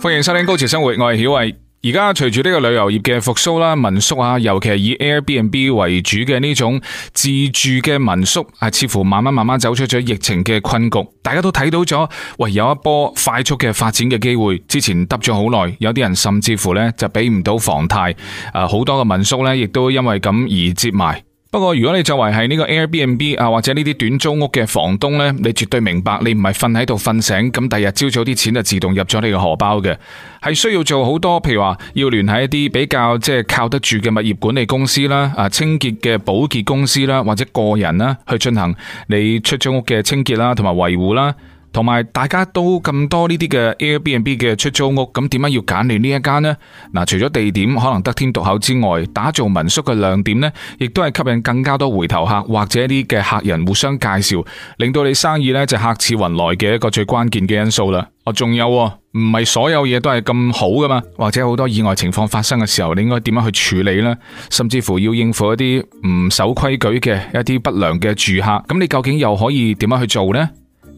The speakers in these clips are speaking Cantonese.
歡迎收聽《高潮生活》，我係曉慧。而家隨住呢個旅遊業嘅復甦啦，民宿啊，尤其係以 Airbnb 為主嘅呢種自住嘅民宿，係，似乎慢慢慢慢走出咗疫情嘅困局。大家都睇到咗，喂、哎，有一波快速嘅發展嘅機會。之前耷咗好耐，有啲人甚至乎呢就俾唔到房貸，誒、啊，好多嘅民宿呢，亦都因為咁而折埋。不過如果你作為係呢個 Airbnb 啊或者呢啲短租屋嘅房東呢，你絕對明白你唔係瞓喺度瞓醒，咁第二日朝早啲錢就自動入咗你嘅荷包嘅，係需要做好多，譬如話要聯繫一啲比較即係靠得住嘅物業管理公司啦，啊清潔嘅保潔公司啦，啊，或者個人啦，啊，去進行你出租屋嘅清潔啦，同埋維護啦。同埋大家都咁多呢啲嘅 Airbnb 嘅出租屋，咁點解要揀你呢一間呢？嗱，除咗地點可能得天獨厚之外，打造民宿嘅亮點呢，亦都係吸引更加多回頭客或者一啲嘅客人互相介紹，令到你生意呢就客似雲來嘅一個最關鍵嘅因素啦。哦、啊，仲有唔係所有嘢都係咁好噶嘛？或者好多意外情況發生嘅時候，你應該點樣去處理呢？甚至乎要應付一啲唔守規矩嘅一啲不良嘅住客，咁你究竟又可以點樣去做呢？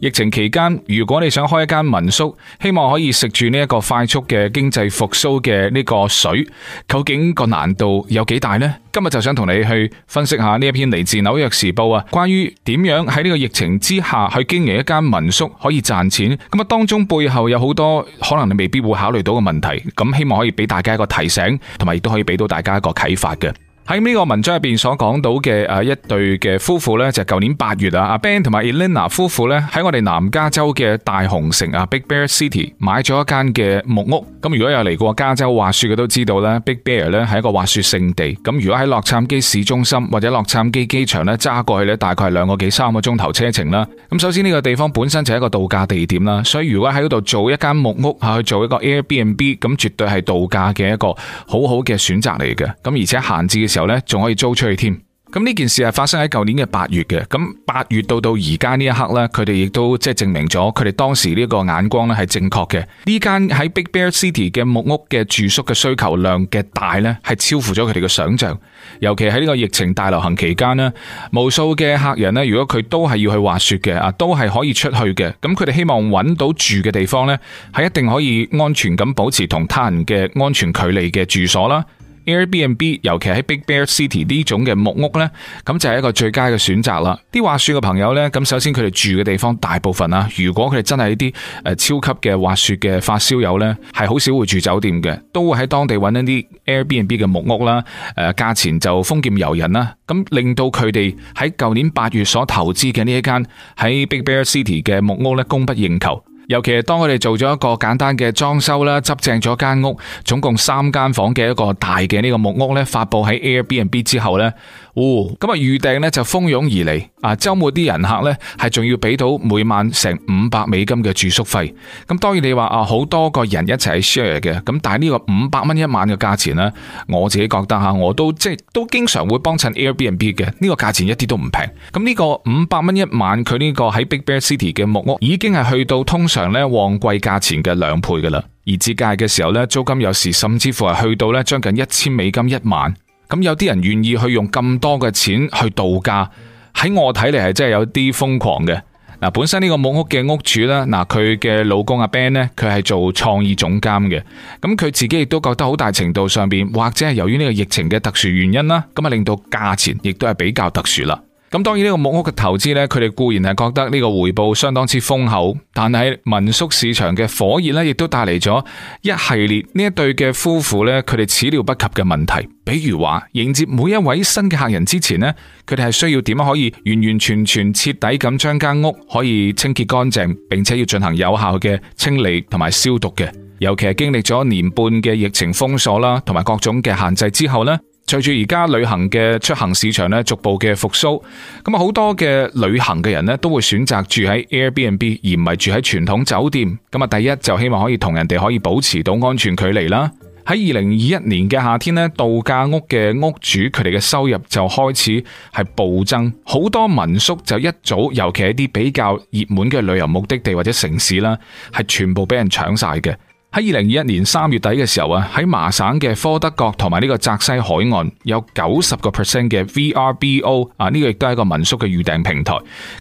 疫情期間，如果你想開一間民宿，希望可以食住呢一個快速嘅經濟復甦嘅呢個水，究竟個難度有幾大呢？今日就想同你去分析下呢一篇嚟自紐約時報啊，關於點樣喺呢個疫情之下去經營一間民宿可以賺錢咁啊，當中背後有好多可能你未必會考慮到嘅問題，咁希望可以俾大家一個提醒，同埋亦都可以俾到大家一個啟發嘅。喺呢個文章入邊所講到嘅誒一對嘅夫婦呢，就係舊年八月啊，阿 Ben 同埋 Elena 夫婦呢，喺我哋南加州嘅大熊城啊 （Big Bear City） 買咗一間嘅木屋。咁如果有嚟過加州滑雪嘅都知道呢，Big Bear 呢係一個滑雪勝地。咁如果喺洛杉磯市中心或者洛杉磯機,機場呢揸過去呢，大概係兩個幾三個鐘頭車程啦。咁首先呢個地方本身就係一個度假地點啦，所以如果喺嗰度做一間木屋去做一個 Airbnb，咁絕對係度假嘅一個好好嘅選擇嚟嘅。咁而且限制。嘅。時候咧，仲可以租出去添，咁呢件事係發生喺舊年嘅八月嘅，咁八月到到而家呢一刻咧，佢哋亦都即係證明咗佢哋當時呢一個眼光咧係正確嘅。呢間喺 Big Bear City 嘅木屋嘅住宿嘅需求量嘅大咧，係超乎咗佢哋嘅想象，尤其喺呢個疫情大流行期間呢，無數嘅客人呢，如果佢都係要去滑雪嘅啊，都係可以出去嘅，咁佢哋希望揾到住嘅地方呢，係一定可以安全咁保持同他人嘅安全距離嘅住所啦。Airbnb 尤其喺 Big Bear City 呢種嘅木屋呢，咁就係一個最佳嘅選擇啦。啲滑雪嘅朋友呢，咁首先佢哋住嘅地方大部分啦，如果佢哋真係一啲誒超級嘅滑雪嘅發燒友呢，係好少會住酒店嘅，都會喺當地搵一啲 Airbnb 嘅木屋啦。誒，價錢就豐儉由人啦。咁令到佢哋喺舊年八月所投資嘅呢一間喺 Big Bear City 嘅木屋呢，供不應求。尤其係當佢哋做咗一個簡單嘅裝修啦，執正咗間屋，總共三間房嘅一個大嘅呢個木屋咧，發佈喺 Airbnb 之後咧。哦，咁啊，預訂呢就蜂擁而嚟，啊，周末啲人客呢，係仲要俾到每晚成五百美金嘅住宿費，咁當然你話啊，好多個人一齊 share 嘅，咁但係呢個五百蚊一晚嘅價錢呢，我自己覺得吓，我都即係都經常會幫襯 Airbnb 嘅，呢個價錢一啲都唔平，咁呢個五百蚊一晚佢呢個喺 Big Bear City 嘅木屋已經係去到通常呢旺季價錢嘅兩倍噶啦，而節假日嘅時候呢，租金有時甚至乎係去到呢將近一千美金一晚。咁有啲人願意去用咁多嘅錢去度假，喺我睇嚟，係真係有啲瘋狂嘅。嗱，本身呢個木屋嘅屋主啦，嗱佢嘅老公阿 Ben 咧，佢係做創意總監嘅，咁佢自己亦都覺得好大程度上邊，或者係由於呢個疫情嘅特殊原因啦，咁啊令到價錢亦都係比較特殊啦。咁當然，呢個木屋嘅投資呢，佢哋固然係覺得呢個回報相當之豐厚，但係民宿市場嘅火熱呢，亦都帶嚟咗一系列呢一對嘅夫婦呢，佢哋始料不及嘅問題。比如話迎接每一位新嘅客人之前呢，佢哋係需要點樣可以完完全全徹底咁將間屋可以清潔乾淨，並且要進行有效嘅清理同埋消毒嘅。尤其係經歷咗年半嘅疫情封鎖啦，同埋各種嘅限制之後呢。隨住而家旅行嘅出行市場咧逐步嘅復甦，咁啊好多嘅旅行嘅人咧都會選擇住喺 Airbnb 而唔係住喺傳統酒店。咁啊，第一就希望可以同人哋可以保持到安全距離啦。喺二零二一年嘅夏天咧，度假屋嘅屋主佢哋嘅收入就開始係暴增，好多民宿就一早，尤其係啲比較熱門嘅旅遊目的地或者城市啦，係全部俾人搶晒嘅。喺二零二一年三月底嘅時候啊，喺麻省嘅科德角同埋呢個澤西海岸有九十個 percent 嘅 VRBO 啊，呢個亦都係一個民宿嘅預訂平台。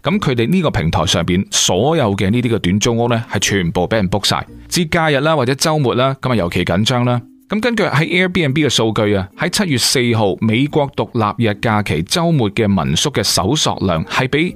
咁佢哋呢個平台上邊所有嘅呢啲嘅短租屋呢，係全部俾人 book 晒。節假日啦，或者周末啦，咁啊尤其緊張啦。咁根據喺 Airbnb 嘅數據啊，喺七月四號美國獨立日假期周末嘅民宿嘅搜索量係比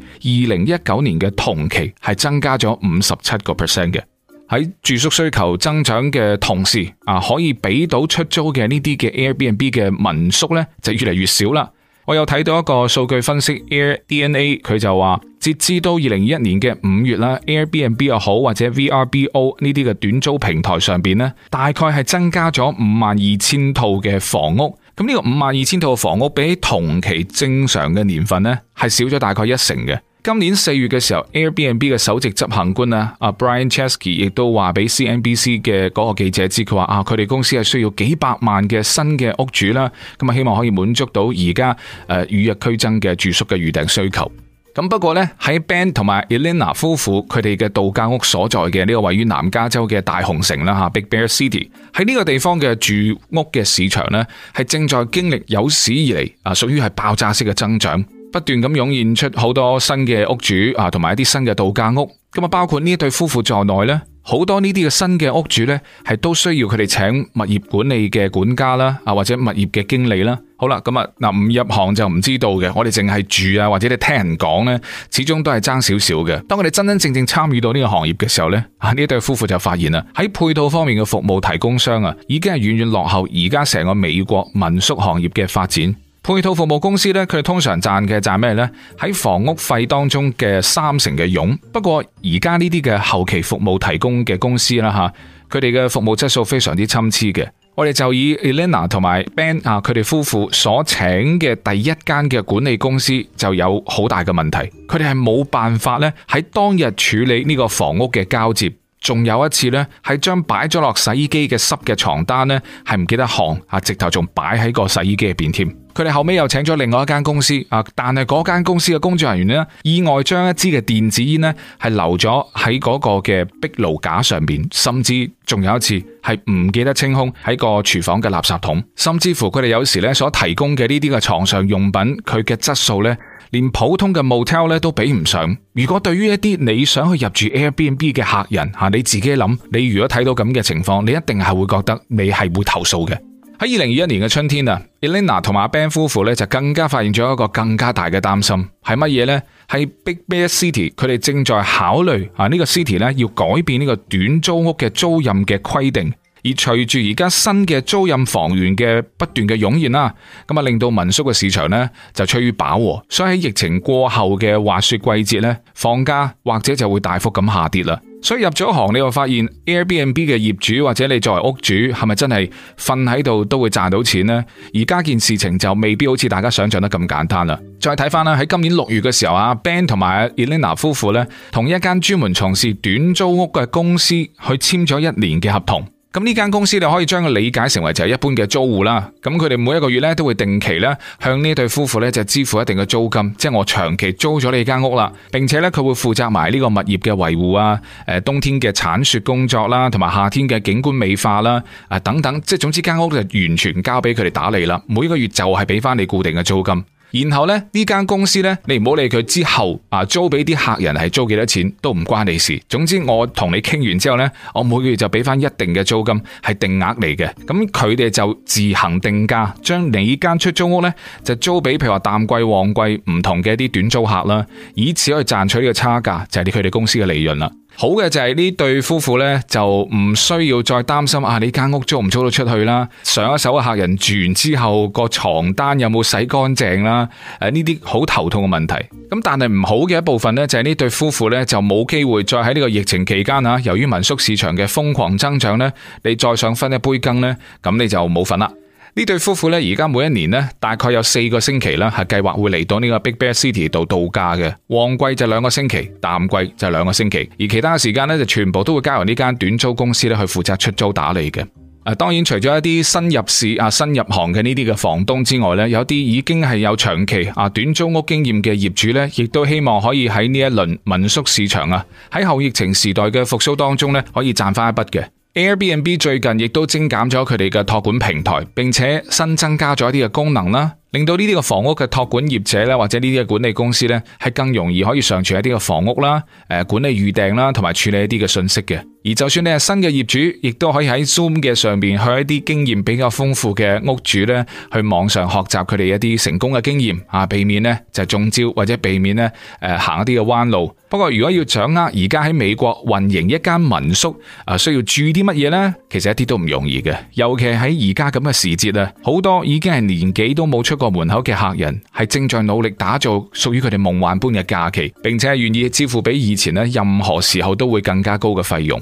二零一九年嘅同期係增加咗五十七個 percent 嘅。喺住宿需求增長嘅同時，啊，可以俾到出租嘅呢啲嘅 Airbnb 嘅民宿呢就越嚟越少啦。我有睇到一個數據分析 AirDNA，佢就話，截至到二零二一年嘅五月啦，Airbnb 又好或者 VRBO 呢啲嘅短租平台上邊呢，大概係增加咗五萬二千套嘅房屋。咁呢個五萬二千套嘅房屋比起同期正常嘅年份呢，係少咗大概一成嘅。今年四月嘅時候，Airbnb 嘅首席執行官呢，Brian Chesky 亦都話俾 CNBC 嘅嗰個記者知，佢話啊，佢哋公司係需要幾百萬嘅新嘅屋主啦，咁啊希望可以滿足到而家誒與日俱增嘅住宿嘅預訂需求。咁不過呢，喺 Ben 同埋 Elena 夫婦佢哋嘅度假屋所在嘅呢個位於南加州嘅大熊城啦吓，Big Bear City 喺呢個地方嘅住屋嘅市場呢，係正在經歷有史以嚟啊屬於係爆炸式嘅增長。不斷咁湧現出好多新嘅屋主啊，同埋一啲新嘅度假屋。咁啊，包括呢一對夫婦在內咧，好多呢啲嘅新嘅屋主咧，係都需要佢哋請物業管理嘅管家啦，啊或者物業嘅經理啦。好啦，咁啊嗱，唔入行就唔知道嘅，我哋淨係住啊，或者你聽人講呢，始終都係爭少少嘅。當佢哋真真正正參與到呢個行業嘅時候呢，啊呢一對夫婦就發現啦，喺配套方面嘅服務提供商啊，已經係遠遠落後而家成個美國民宿行業嘅發展。配套服務公司咧，佢哋通常賺嘅賺咩呢？喺房屋費當中嘅三成嘅佣。不過而家呢啲嘅後期服務提供嘅公司啦，吓佢哋嘅服務質素非常之參差嘅。我哋就以 Elena 同埋 Ben 啊，佢哋夫婦所請嘅第一間嘅管理公司就有好大嘅問題，佢哋係冇辦法咧喺當日處理呢個房屋嘅交接。仲有一次呢，係將擺咗落洗衣機嘅濕嘅床單呢，係唔記得烘，啊，直頭仲擺喺個洗衣機入邊添。佢哋後尾又請咗另外一間公司，啊，但係嗰間公司嘅工作人員呢，意外將一支嘅電子煙呢，係留咗喺嗰個嘅壁爐架上面。甚至仲有一次係唔記得清空喺個廚房嘅垃圾桶，甚至乎佢哋有時呢，所提供嘅呢啲嘅床上用品，佢嘅質素呢連普通嘅 motel 咧，都比唔上。如果對於一啲你想去入住 Airbnb 嘅客人吓，你自己諗，你如果睇到咁嘅情況，你一定係會覺得你係會投訴嘅。喺二零二一年嘅春天啊，Elena 同埋 Ben 夫婦咧，就更加發現咗一個更加大嘅擔心係乜嘢呢？係 Big Bear City，佢哋正在考慮啊呢個 city 咧，要改變呢個短租屋嘅租賃嘅規定。而隨住而家新嘅租賃房源嘅不斷嘅湧現啦，咁啊令到民宿嘅市場呢就趨於飽和，所以喺疫情過後嘅滑雪季節呢，房價或者就會大幅咁下跌啦。所以入咗行，你又發現 Airbnb 嘅業主或者你作為屋主係咪真係瞓喺度都會賺到錢呢？而家件事情就未必好似大家想像得咁簡單啦。再睇返啦，喺今年六月嘅時候，阿 Ben 同埋 Elena 夫婦呢，同一間專門從事短租屋嘅公司去簽咗一年嘅合同。咁呢間公司你可以將佢理解成為就係一般嘅租戶啦。咁佢哋每一個月咧都會定期咧向呢對夫婦咧就支付一定嘅租金，即係我長期租咗你間屋啦，並且咧佢會負責埋呢個物業嘅維護啊，誒冬天嘅鏟雪工作啦，同埋夏天嘅景觀美化啦，啊等等，即係總之間屋就完全交俾佢哋打理啦，每個月就係俾翻你固定嘅租金。然後呢呢間公司呢，你唔好理佢之後啊，租俾啲客人係租幾多錢都唔關你事。總之我同你傾完之後呢，我每個月就俾翻一定嘅租金係定額嚟嘅。咁佢哋就自行定價，將你間出租屋呢就租俾譬如話淡季旺季唔同嘅一啲短租客啦，以此去賺取呢個差價就係佢哋公司嘅利潤啦。好嘅就係、是、呢對夫婦呢，就唔需要再擔心啊，你間屋租唔租得出去啦，上一手嘅客人住完之後個床單有冇洗乾淨啦？誒、啊，呢啲好頭痛嘅問題。咁但係唔好嘅一部分呢，就係、是、呢對夫婦呢，就冇機會再喺呢個疫情期間啊，由於民宿市場嘅瘋狂增長呢，你再想分一杯羹呢，咁你就冇份啦。呢對夫婦呢，而家每一年呢，大概有四個星期呢，係計劃會嚟到呢個 Big Bear City 度度假嘅。旺季就兩個星期，淡季就兩個星期，而其他嘅時間呢，就全部都會交由呢間短租公司呢去負責出租打理嘅。啊，當然除咗一啲新入市啊、新入行嘅呢啲嘅房東之外呢，有啲已經係有長期啊短租屋經驗嘅業主呢，亦都希望可以喺呢一輪民宿市場啊，喺後疫情時代嘅復甦當中呢，可以賺翻一筆嘅。Airbnb 最近亦都精簡咗佢哋嘅託管平台，並且新增加咗一啲嘅功能啦。令到呢啲個房屋嘅託管業者咧，或者呢啲嘅管理公司咧，係更容易可以上傳一啲嘅房屋啦，誒管理預訂啦，同埋處理一啲嘅信息嘅。而就算你係新嘅業主，亦都可以喺 Zoom 嘅上邊去一啲經驗比較豐富嘅屋主咧，去網上學習佢哋一啲成功嘅經驗啊，避免咧就係中招，或者避免咧誒行一啲嘅彎路。不過如果要掌握而家喺美國運營一間民宿，啊需要注意啲乜嘢咧？其實一啲都唔容易嘅，尤其係喺而家咁嘅時節啊，好多已經係年紀都冇出過。門口嘅客人係正在努力打造屬於佢哋夢幻般嘅假期，並且願意支付比以前咧任何時候都會更加高嘅費用。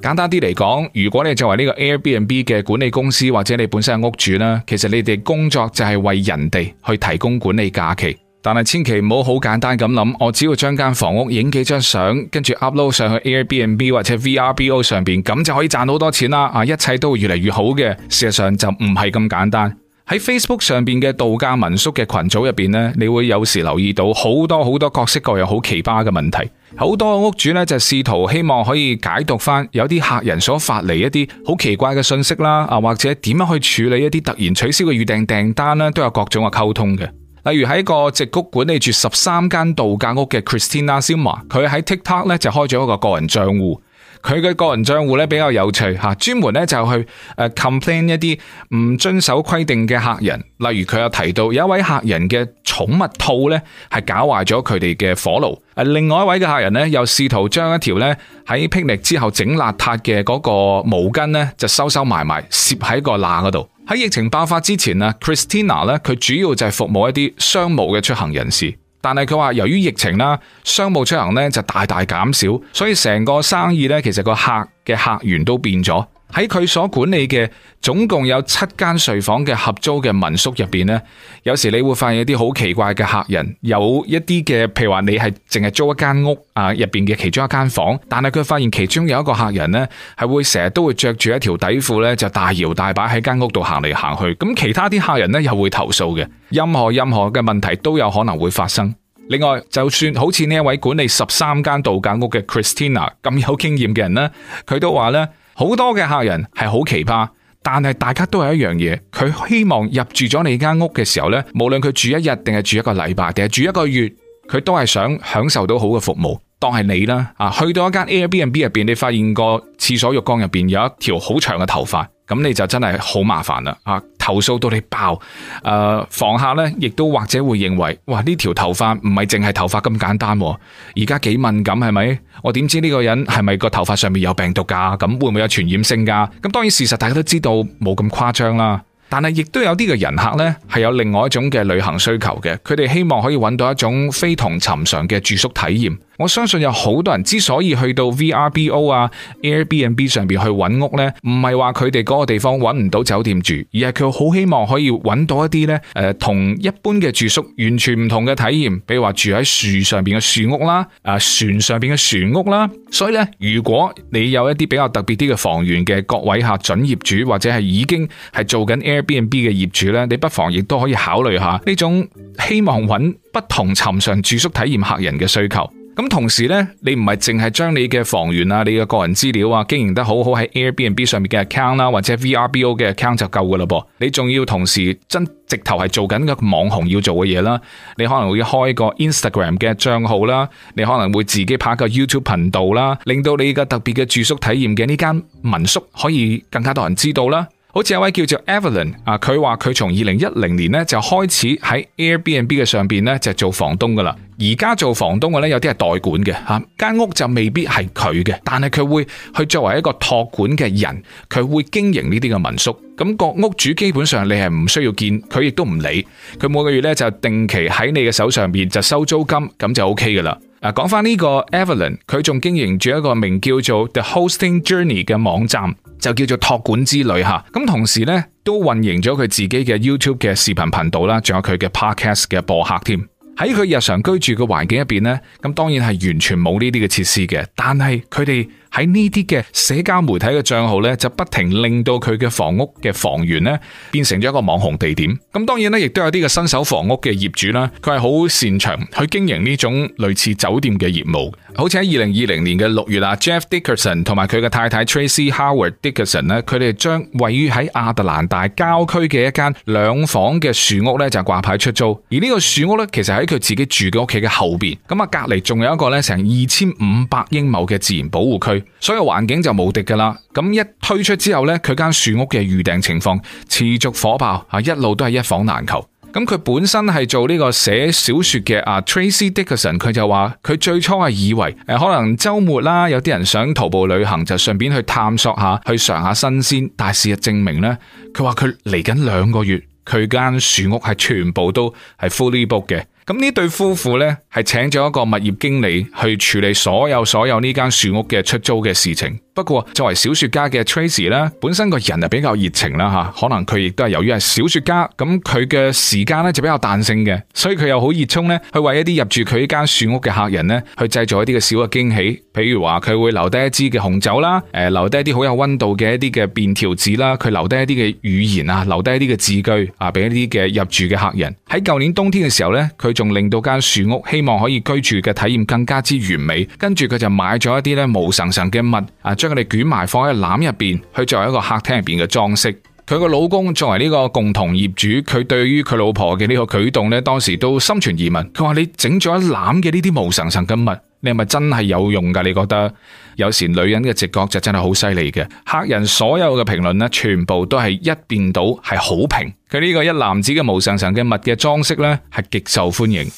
簡單啲嚟講，如果你作為呢個 Airbnb 嘅管理公司或者你本身係屋主啦，其實你哋工作就係為人哋去提供管理假期，但係千祈唔好好簡單咁諗，我只要將間房屋影幾張相，跟住 upload 上去 Airbnb 或者 VRBO 上邊，咁就可以賺好多錢啦！啊，一切都會越嚟越好嘅，事實上就唔係咁簡單。喺 Facebook 上邊嘅度假民宿嘅群組入邊呢，你會有時留意到好多好多各式各樣好奇葩嘅問題，好多屋主呢，就試圖希望可以解讀翻有啲客人所發嚟一啲好奇怪嘅信息啦，啊或者點樣去處理一啲突然取消嘅預訂訂單呢，都有各種嘅溝通嘅。例如喺一個矽谷管理住十三間度假屋嘅 Christina Sima，佢喺 TikTok 咧就開咗一個個人賬戶。佢嘅個人賬戶咧比較有趣嚇，專門咧就去誒 complain 一啲唔遵守規定嘅客人，例如佢有提到有一位客人嘅寵物兔咧係搞壞咗佢哋嘅火爐，誒另外一位嘅客人咧又試圖將一條咧喺霹靂之後整邋遢嘅嗰個毛巾咧就收收埋埋攝喺個罅嗰度。喺疫情爆發之前啊，Christina 咧佢主要就係服務一啲商務嘅出行人士。但係佢話，由於疫情啦，商務出行咧就大大減少，所以成個生意咧，其實個客嘅客源都變咗。喺佢所管理嘅總共有七間睡房嘅合租嘅民宿入邊呢，有時你會發現一啲好奇怪嘅客人，有一啲嘅，譬如話你係淨係租一間屋啊，入邊嘅其中一間房，但係佢發現其中有一個客人呢，係會成日都會着住一條底褲呢，就大搖大擺喺間屋度行嚟行去，咁其他啲客人呢，又會投訴嘅，任何任何嘅問題都有可能會發生。另外，就算好似呢一位管理十三間度假屋嘅 Christina 咁有經驗嘅人呢，佢都話呢。好多嘅客人係好奇葩，但係大家都係一樣嘢，佢希望入住咗你間屋嘅時候呢，無論佢住一日定係住一個禮拜定係住一個月，佢都係想享受到好嘅服務。當係你啦啊，去到一間 Airbnb 入邊，你發現個廁所浴缸入邊有一條好長嘅頭髮。咁你就真係好麻煩啦，啊投訴到你爆，誒、呃、房客呢亦都或者會認為，哇呢條頭髮唔係淨係頭髮咁簡單，啊，而家幾敏感係咪？我點知呢個人係咪個頭髮上面有病毒噶，啊？咁會唔會有傳染性噶，啊？咁當然事實大家都知道冇咁誇張啦，但係亦都有啲嘅人客呢係有另外一種嘅旅行需求嘅，佢哋希望可以揾到一種非同尋常嘅住宿體驗。我相信有好多人之所以去到 VRBO 啊 Airbnb 上邊去揾屋咧，唔係話佢哋嗰個地方揾唔到酒店住，而係佢好希望可以揾到一啲咧誒，同一般嘅住宿完全唔同嘅體驗，比如話住喺樹上邊嘅樹屋啦，啊、呃、船上邊嘅船屋啦。所以咧，如果你有一啲比較特別啲嘅房源嘅各位客準業主，或者係已經係做緊 Airbnb 嘅業主咧，你不妨亦都可以考慮下呢種希望揾不同尋常住宿體驗客人嘅需求。咁同時呢，你唔係淨係將你嘅房源啊、你嘅個人資料啊經營得好好喺 Airbnb 上面嘅 account 啦，或者 VRBO 嘅 account 就夠㗎喇噃，你仲要同時真直頭係做緊個網紅要做嘅嘢啦，你可能會開個 Instagram 嘅帳號啦，你可能會自己拍個 YouTube 頻道啦，令到你嘅特別嘅住宿體驗嘅呢間民宿可以更加多人知道啦。好似有位叫做 Evelyn 啊，佢話佢從二零一零年咧，就開始喺 Airbnb 嘅上邊咧，就做房東噶啦。而家做房東嘅咧，有啲係代管嘅吓，間屋就未必係佢嘅，但係佢會去作為一個託管嘅人，佢會經營呢啲嘅民宿。咁個屋主基本上你係唔需要見，佢亦都唔理，佢每個月咧，就定期喺你嘅手上邊就收租金，咁就 OK 噶啦。啊，講翻呢個 Evelyn，佢仲經營住一個名叫做 The Hosting Journey 嘅網站。就叫做託管之旅吓，咁同時咧都運營咗佢自己嘅 YouTube 嘅視頻頻道啦，仲有佢嘅 Podcast 嘅播客添。喺佢日常居住嘅環境入邊呢，咁當然係完全冇呢啲嘅設施嘅，但係佢哋喺呢啲嘅社交媒體嘅賬號呢，就不停令到佢嘅房屋嘅房源呢變成咗一個網紅地點。咁當然呢，亦都有啲嘅新手房屋嘅業主啦，佢係好擅長去經營呢種類似酒店嘅業務。好似喺二零二零年嘅六月啊，Jeff Dickerson 同埋佢嘅太太 Tracy Howard Dickerson 咧，佢哋將位於喺亞特蘭大郊區嘅一間兩房嘅樹屋咧就掛牌出租。而呢個樹屋咧，其實喺佢自己住嘅屋企嘅後邊，咁啊隔籬仲有一個咧成二千五百英畝嘅自然保護區，所以環境就無敵噶啦。咁一推出之後咧，佢間樹屋嘅預訂情況持續火爆啊，一路都係一房難求。咁佢本身係做呢個寫小說嘅啊，Tracey Dickerson 佢就話佢最初係以為可能周末啦、啊，有啲人想徒步旅行就順便去探索下，去嘗下新鮮。但事實證明呢，佢話佢嚟緊兩個月，佢間樹屋係全部都係 fully booked 嘅。咁呢對夫婦呢，係請咗一個物業經理去處理所有所有呢間樹屋嘅出租嘅事情。不過作為小說家嘅 Tracy 咧，本身個人啊比較熱情啦吓，可能佢亦都係由於係小說家，咁佢嘅時間咧就比較彈性嘅，所以佢又好熱衷咧去為一啲入住佢呢間樹屋嘅客人咧去製造一啲嘅小嘅驚喜，譬如話佢會留低一支嘅紅酒啦，誒留低一啲好有温度嘅一啲嘅便條紙啦，佢留低一啲嘅語言啊，留低一啲嘅字句啊，俾一啲嘅入住嘅客人。喺舊年冬天嘅時候咧，佢仲令到間樹屋希望可以居住嘅體驗更加之完美，跟住佢就買咗一啲咧毛神神嘅物啊。將佢哋捲埋放喺個籃入邊，去作為一個客廳入邊嘅裝飾。佢個老公作為呢個共同業主，佢對於佢老婆嘅呢個舉動呢，當時都心存疑問。佢話：你整咗一籃嘅呢啲毛毿毿嘅物，你係咪真係有用㗎？你覺得有時女人嘅直覺就真係好犀利嘅。客人所有嘅評論呢，全部都係一面倒係好評。佢呢個一籃子嘅毛毿毿嘅物嘅裝飾呢，係極受歡迎。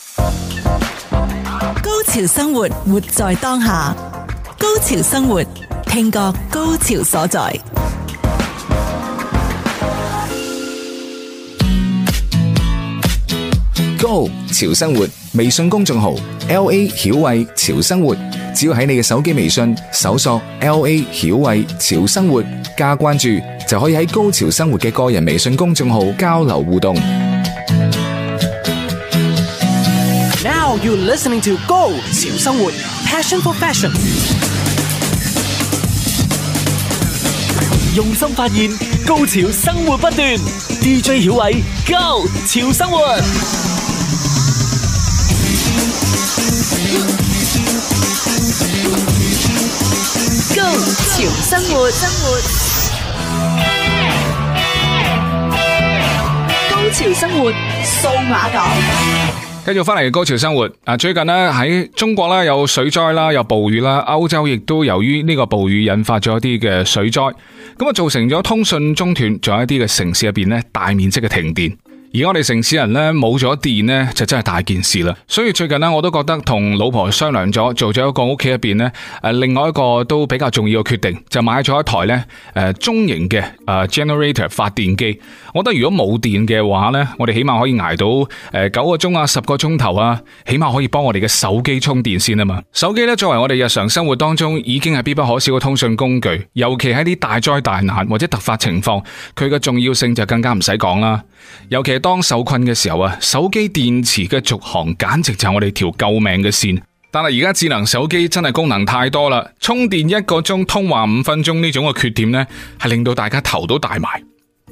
高潮生活，活在當下。高潮生活。聽過高潮所在。Go 潮生活微信公眾號 L A 曉慧潮生活，只要喺你嘅手機微信搜索 L A 曉慧潮生活加關注，就可以喺高潮生活嘅個人微信公眾號交流互動。Now you're listening to Go 潮生活，Passion for fashion。用心發現，高潮生活不斷。DJ 曉偉，Go 潮生活，Go 潮生活，生活，高潮生活，數碼港。繼續翻嚟嘅高潮生活啊！最近咧喺中國咧有水災啦，有暴雨啦，歐洲亦都由於呢個暴雨引發咗一啲嘅水災。咁啊，造成咗通訊中斷，仲有一啲嘅城市入邊咧，大面積嘅停電。而我哋城市人呢，冇咗電呢，就真係大件事啦，所以最近呢，我都覺得同老婆商量咗，做咗一個屋企入邊呢，誒另外一個都比較重要嘅決定，就買咗一台呢誒中型嘅誒 generator 發電機。我覺得如果冇電嘅話呢，我哋起碼可以挨到誒九個鐘啊十個鐘頭啊，起碼可以幫我哋嘅手機充電先啊嘛。手機呢，作為我哋日常生活當中已經係必不可少嘅通訊工具，尤其喺啲大災大難或者突發情況，佢嘅重要性就更加唔使講啦，尤其。當受困嘅時候啊，手機電池嘅續航簡直就係我哋條救命嘅線。但係而家智能手機真係功能太多啦，充電一個鐘通話五分鐘呢種嘅缺點呢，係令到大家頭都大埋。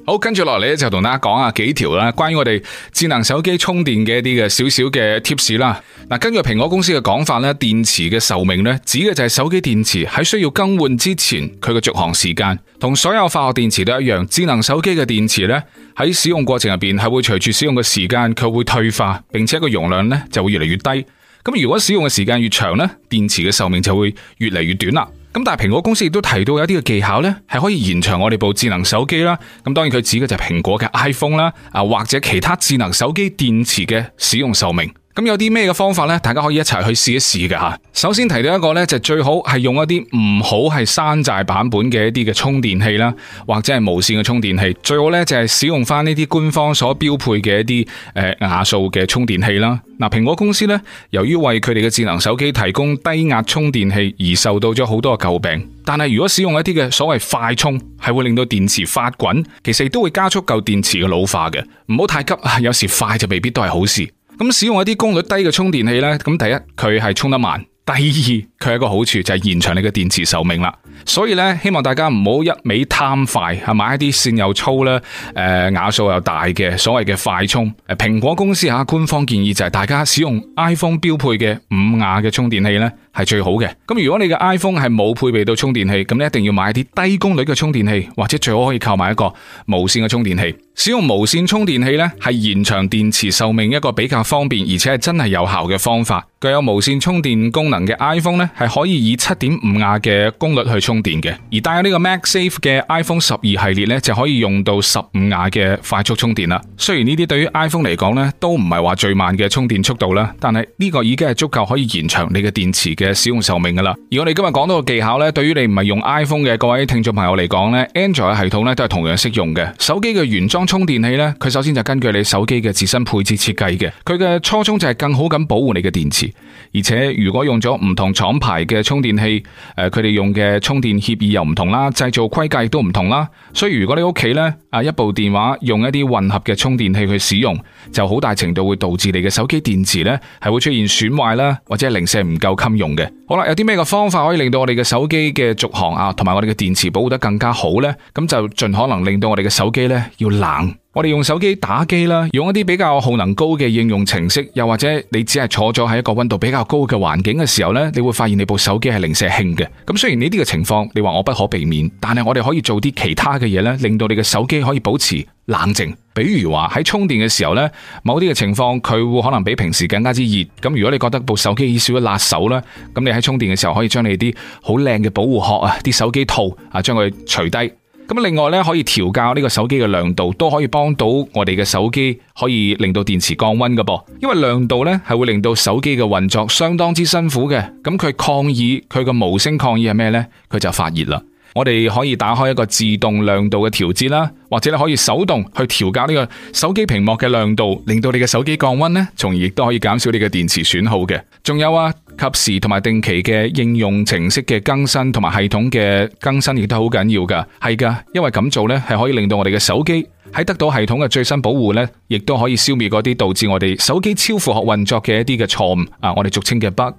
好，跟住落嚟咧就同大家講下幾條啦，關於我哋智能手機充電嘅一啲嘅少少嘅 tips 啦。嗱，根據蘋果公司嘅講法咧，電池嘅壽命咧，指嘅就係手機電池喺需要更換之前佢嘅續航時間，同所有化學電池都一樣。智能手機嘅電池咧喺使用過程入邊係會隨住使用嘅時間，佢會退化，並且個容量咧就會越嚟越低。咁如果使用嘅時間越長咧，電池嘅壽命就會越嚟越短啦。咁但係蘋果公司亦都提到有啲嘅技巧呢，係可以延長我哋部智能手機啦。咁當然佢指嘅就係蘋果嘅 iPhone 啦，啊或者其他智能手機電池嘅使用壽命。咁有啲咩嘅方法呢？大家可以一齊去試一試嘅吓。首先提到一個呢，就是、最好係用一啲唔好係山寨版本嘅一啲嘅充電器啦，或者係無線嘅充電器。最好呢，就係使用翻呢啲官方所標配嘅一啲誒、呃、瓦數嘅充電器啦。嗱、啊，蘋果公司呢，由於為佢哋嘅智能手機提供低壓充電器而受到咗好多嘅詬病。但係如果使用一啲嘅所謂快充，係會令到電池發滾，其實亦都會加速舊電池嘅老化嘅。唔好太急，有時快就未必都係好事。咁使用一啲功率低嘅充電器呢，咁第一佢係充得慢，第二佢有一個好處就係延長你嘅電池壽命啦。所以呢，希望大家唔好一味貪快，係買一啲線又粗啦，誒、呃、瓦數又大嘅所謂嘅快充。誒，蘋果公司啊，官方建議就係大家使用 iPhone 標配嘅五瓦嘅充電器呢。係最好嘅。咁如果你嘅 iPhone 係冇配備到充電器，咁你一定要買啲低功率嘅充電器，或者最好可以購買一個無線嘅充電器。使用無線充電器呢，係延長電池壽命一個比較方便而且係真係有效嘅方法。具有無線充電功能嘅 iPhone 呢，係可以以七點五瓦嘅功率去充電嘅。而帶有呢個 MagSafe 嘅 iPhone 十二系列呢，就可以用到十五瓦嘅快速充電啦。雖然呢啲對於 iPhone 嚟講呢，都唔係話最慢嘅充電速度啦，但係呢個已經係足夠可以延長你嘅電池嘅使用壽命噶啦，而我哋今日講到個技巧咧，對於你唔係用 iPhone 嘅各位聽眾朋友嚟講咧，Android 系統咧都係同樣適用嘅。手機嘅原裝充電器咧，佢首先就根據你手機嘅自身配置設計嘅，佢嘅初衷就係更好咁保護你嘅電池。而且如果用咗唔同廠牌嘅充電器，誒、呃，佢哋用嘅充電協議又唔同啦，製造規格亦都唔同啦，所以如果你屋企呢啊一部電話用一啲混合嘅充電器去使用，就好大程度會導致你嘅手機電池呢係會出現損壞啦，或者零舍唔夠襟用嘅。好啦，有啲咩嘅方法可以令到我哋嘅手機嘅續航啊，同埋我哋嘅電池保護得更加好呢？咁就盡可能令到我哋嘅手機呢要冷。我哋用手機打機啦，用一啲比較耗能高嘅應用程式，又或者你只係坐咗喺一個温度比較高嘅環境嘅時候呢，你會發現你部手機係零舍輕嘅。咁雖然呢啲嘅情況，你話我不可避免，但係我哋可以做啲其他嘅嘢呢，令到你嘅手機可以保持冷靜。比如話喺充電嘅時候呢，某啲嘅情況佢會可能比平時更加之熱。咁如果你覺得部手機少咗辣手啦，咁你喺充電嘅時候可以將你啲好靚嘅保護殼啊、啲手機套啊，將佢除低。咁另外咧可以調校呢個手機嘅亮度，都可以幫到我哋嘅手機，可以令到電池降温嘅噃。因為亮度咧係會令到手機嘅運作相當之辛苦嘅。咁佢抗議，佢個無聲抗議係咩咧？佢就發熱啦。我哋可以打開一個自動亮度嘅調節啦，或者你可以手動去調校呢個手機屏幕嘅亮度，令到你嘅手機降温咧，從而亦都可以減少你嘅電池損耗嘅。仲有啊。及時同埋定期嘅應用程式嘅更新同埋系統嘅更新亦都好緊要噶係噶因為咁做呢係可以令到我哋嘅手機喺得到系統嘅最新保護呢，亦都可以消滅嗰啲導致我哋手機超負荷運作嘅一啲嘅錯誤啊，我哋俗稱嘅 bug。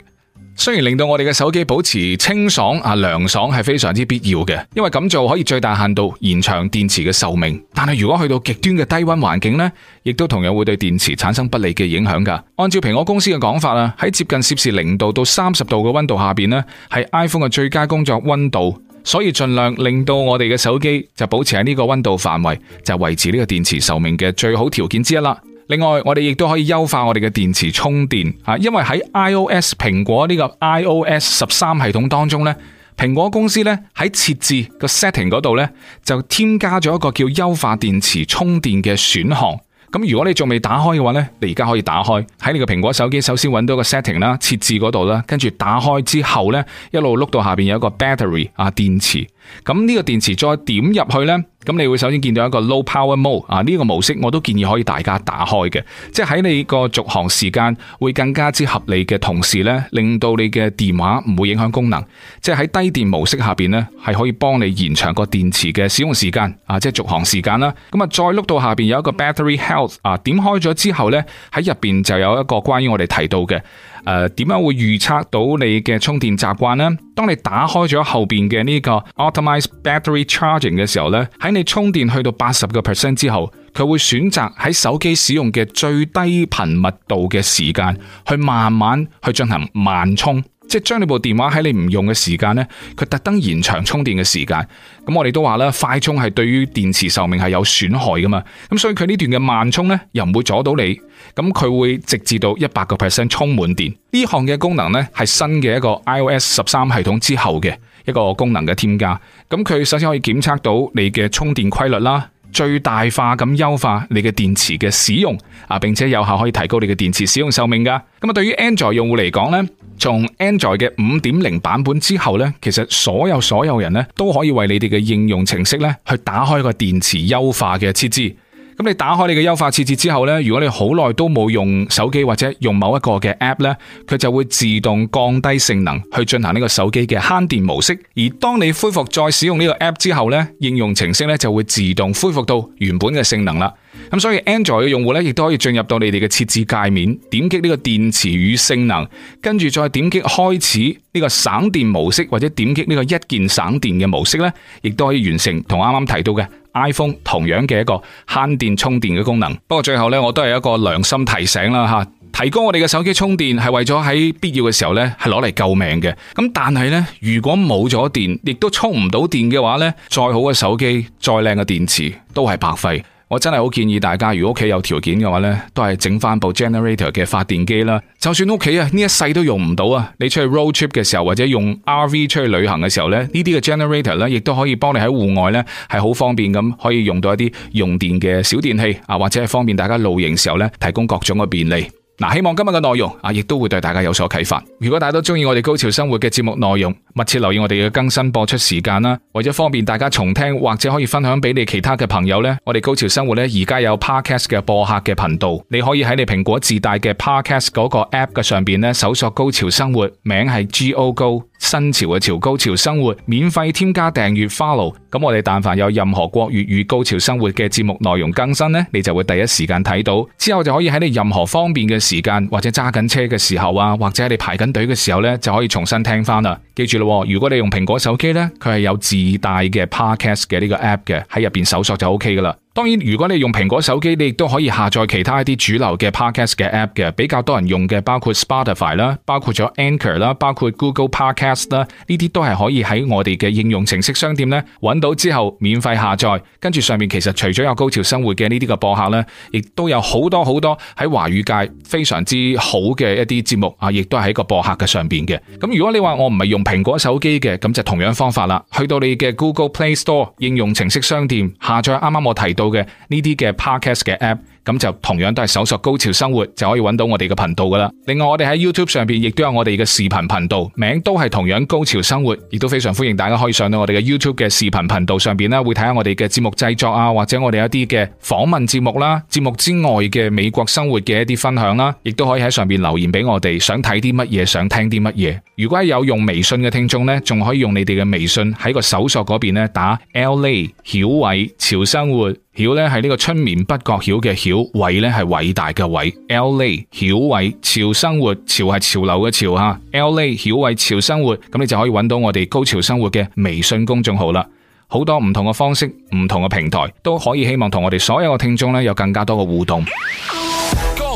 雖然令到我哋嘅手機保持清爽啊，涼爽係非常之必要嘅，因為咁做可以最大限度延長電池嘅壽命。但係如果去到極端嘅低溫環境呢，亦都同樣會對電池產生不利嘅影響噶。按照蘋果公司嘅講法啊，喺接近攝氏零度到三十度嘅溫度下邊呢係 iPhone 嘅最佳工作溫度，所以盡量令到我哋嘅手機就保持喺呢個溫度範圍，就維持呢個電池壽命嘅最好條件之一啦。另外，我哋亦都可以優化我哋嘅電池充電啊，因為喺 iOS 蘋果呢個 iOS 十三系統當中呢，蘋果公司呢喺設置個 setting 嗰度呢，就添加咗一個叫優化電池充電嘅選項。咁如果你仲未打開嘅話呢，你而家可以打開喺你個蘋果手機，首先揾到個 setting 啦，設置嗰度啦，跟住打開之後呢，一路碌到下邊有一個 battery 啊電池。咁呢個電池再點入去呢？咁你會首先見到一個 Low Power Mode 啊，呢個模式我都建議可以大家打開嘅，即係喺你個續航時間會更加之合理嘅同時呢，令到你嘅電話唔會影響功能，即係喺低電模式下邊呢，係可以幫你延長個電池嘅使用時間啊，即係續航時間啦。咁啊再碌到下邊有一個 Battery Health 啊，點開咗之後呢，喺入邊就有一個關於我哋提到嘅。誒，點樣、呃、會預測到你嘅充電習慣咧？當你打開咗後邊嘅呢個 Optimized Battery Charging 嘅時候咧，喺你充電去到八十個 percent 之後，佢會選擇喺手機使用嘅最低頻密度嘅時間，去慢慢去進行慢充。即係將你部電話喺你唔用嘅時間呢，佢特登延長充電嘅時間。咁我哋都話啦，快充係對於電池壽命係有損害噶嘛。咁所以佢呢段嘅慢充呢，又唔會阻到你。咁佢會直至到一百個 percent 充滿電。呢項嘅功能呢，係新嘅一個 iOS 十三系統之後嘅一個功能嘅添加。咁佢首先可以檢測到你嘅充電規律啦。最大化噉優化你嘅電池嘅使用啊，並且有效可以提高你嘅電池使用壽命㗎。噉啊，對於 Android 用戶嚟講咧，從 Android 嘅五點零版本之後咧，其實所有所有人咧都可以為你哋嘅應用程式咧去打開個電池優化嘅設置。咁你打開你嘅優化設置之後呢，如果你好耐都冇用手機或者用某一個嘅 app 呢，佢就會自動降低性能去進行呢個手機嘅慳電模式。而當你恢復再使用呢個 app 之後呢，應用程式呢就會自動恢復到原本嘅性能啦。咁所以 Android 嘅用戶咧，亦都可以進入到你哋嘅設置界面，點擊呢個電池與性能，跟住再點擊開始呢個省電模式，或者點擊呢個一鍵省電嘅模式咧，亦都可以完成同啱啱提到嘅 iPhone 同樣嘅一個慳電充電嘅功能。不過最後咧，我都係一個良心提醒啦吓，提高我哋嘅手機充電係為咗喺必要嘅時候咧係攞嚟救命嘅。咁但係咧，如果冇咗電，亦都充唔到電嘅話咧，再好嘅手機，再靚嘅電池，都係白費。我真係好建議大家，如果屋企有條件嘅話呢，都係整翻部 generator 嘅發電機啦。就算屋企啊呢一世都用唔到啊，你出去 road trip 嘅時候或者用 RV 出去旅行嘅時候呢，呢啲嘅 generator 呢，亦都可以幫你喺戶外呢係好方便咁，可以用到一啲用電嘅小電器啊，或者係方便大家露營時候呢提供各種嘅便利。嗱，希望今日嘅內容啊，亦都會對大家有所啟發。如果大家都中意我哋高潮生活嘅節目內容，密切留意我哋嘅更新播出時間啦。為咗方便大家重聽或者可以分享俾你其他嘅朋友呢，我哋高潮生活呢而家有 podcast 嘅播客嘅頻道，你可以喺你蘋果自帶嘅 podcast 嗰個 app 嘅上面咧搜索高潮生活，名係 G O 高。新潮嘅潮，高潮生活，免費添加訂閱 follow，咁我哋但凡有任何國粵語高潮生活嘅節目內容更新呢，你就會第一時間睇到，之後就可以喺你任何方便嘅時間或者揸緊車嘅時候啊，或者，喺你排緊隊嘅時候呢，就可以重新聽翻啦。記住咯，如果你用蘋果手機咧，佢係有自帶嘅 Podcast 嘅呢個 app 嘅，喺入邊搜索就 OK 噶啦。當然，如果你用蘋果手機，你亦都可以下載其他一啲主流嘅 Podcast 嘅 app 嘅，比較多人用嘅，包括 Spotify 啦，包括咗 Anchor 啦，包括 Google Podcast 啦，呢啲都係可以喺我哋嘅應用程式商店咧揾到之後免費下載。跟住上面其實除咗有高潮生活嘅呢啲嘅播客呢，亦都有好多好多喺華語界非常之好嘅一啲節目啊，亦都係喺個播客嘅上邊嘅。咁如果你話我唔係用，蘋果手機嘅，咁就同樣方法啦，去到你嘅 Google Play Store 應用程式商店下載啱啱我提到嘅呢啲嘅 Podcast 嘅 App。咁就同樣都係搜索高潮生活，就可以揾到我哋嘅頻道噶啦。另外我哋喺 YouTube 上邊亦都有我哋嘅視頻頻道，名都係同樣高潮生活，亦都非常歡迎大家可以上到我哋嘅 YouTube 嘅視頻頻道上邊啦，會睇下我哋嘅節目製作啊，或者我哋一啲嘅訪問節目啦，節目之外嘅美國生活嘅一啲分享啦，亦都可以喺上邊留言俾我哋，想睇啲乜嘢，想聽啲乜嘢。如果有用微信嘅聽眾咧，仲可以用你哋嘅微信喺個搜索嗰邊咧打 Lay 曉偉潮生活。曉咧係呢個春眠不覺曉嘅曉，偉咧係偉大嘅偉，L A 曉偉潮生活，潮係潮流嘅潮啊，L A 曉偉潮生活，咁你就可以揾到我哋高潮生活嘅微信公眾號啦，好多唔同嘅方式，唔同嘅平台都可以，希望同我哋所有嘅聽眾咧有更加多嘅互動。